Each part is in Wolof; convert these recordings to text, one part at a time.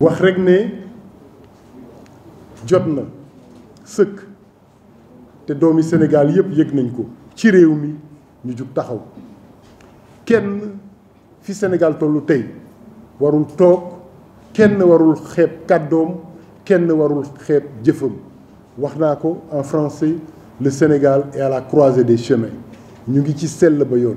wax rekk ne jot na sëkk te doomi Sénégal yëpp yëg nañ ko ci réew mi ñu jug taxaw kenn fi Sénégal tollu tey warul toog kenn warul xeeb kàddoom kenn warul xeeb jëfam wax naa ko en français le Sénégal et à la croisée des chemins ñu ngi ci sell ba yoon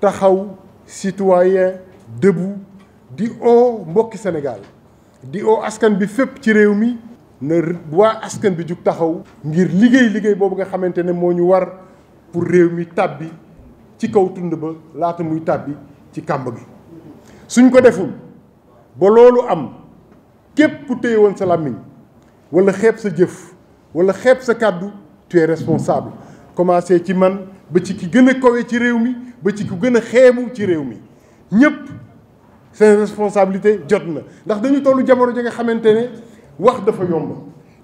taxaw citoyen debout di o mbokki Sénégal di o askan bi fépp ci réew mi na waa askan bi jug taxaw ngir liggéey liggéey boobu nga xamante ne moo ñu war pour réew mi tàbbi ci kaw tund ba laata muy tàbbi ci kàmb gi suñ ko deful ba loolu am képp ku téye woon sa làmmiñ wala xeeb sa jëf walla xeeb sa kàddu tu es responsable commencé ci man ba ci ki gën a ci réew mi ba ci ku gën a xeebu ci réew mi ñëpp seen responsabilité jot na ndax dañu tollu jamono ji nga xamante ne wax dafa yomb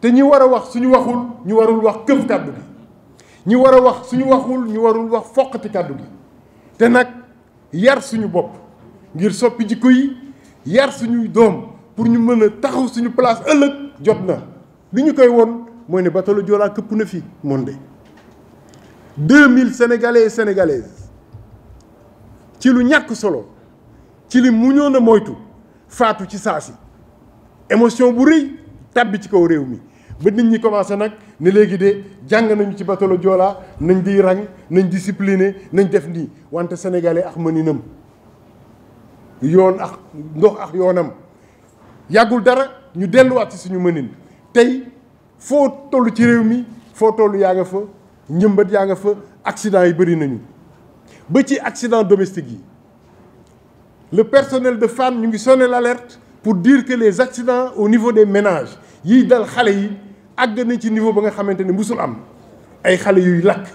te ñi war a wax suñu waxul ñu warul wax këf kàddu gi war a wax suñu waxul ñu warul wax foqati kàddu gi te nag yar suñu bopp ngir soppi jikko yi yar suñuy doom pour ñu mën a taxaw suñu place ëllëg jot na li ñu koy won mooy ne bateau Joola këpp na fi de deux mille sénégalais et sénégalaises ci lu ñàkk solo ci li muñoon a moytu faatu ci saa si émotion bu rëy tàbbi ci kaw réew mi ba nit ñi commencé nag ni léegi de jàng nañu ci batalo Joola nañ di rang nañ discipliné nañ def nii wante sénégalais ak mëninam yoon ak ndox ak yoonam yàggul dara ñu delluwaat ci suñu mënin tey foo toll ci réew mi foo toll yaa nga fa. njëmbat yaa nga fa accident yi bëri nañu ba ci accident domestique yi le personnel de Fann ñu ngi sonné alerte pour diir que les accidents au niveau des ménages yiy dal xale yi àgg nañ ci niveau ba nga xamante ne musul am ay xale yuy lakk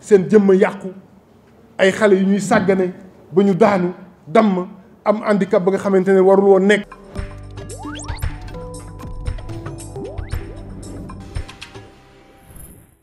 seen jëmm yàqu ay xale yu ñuy sàggane ba ñu daanu damm am handicap ba nga xamante ne warul nekk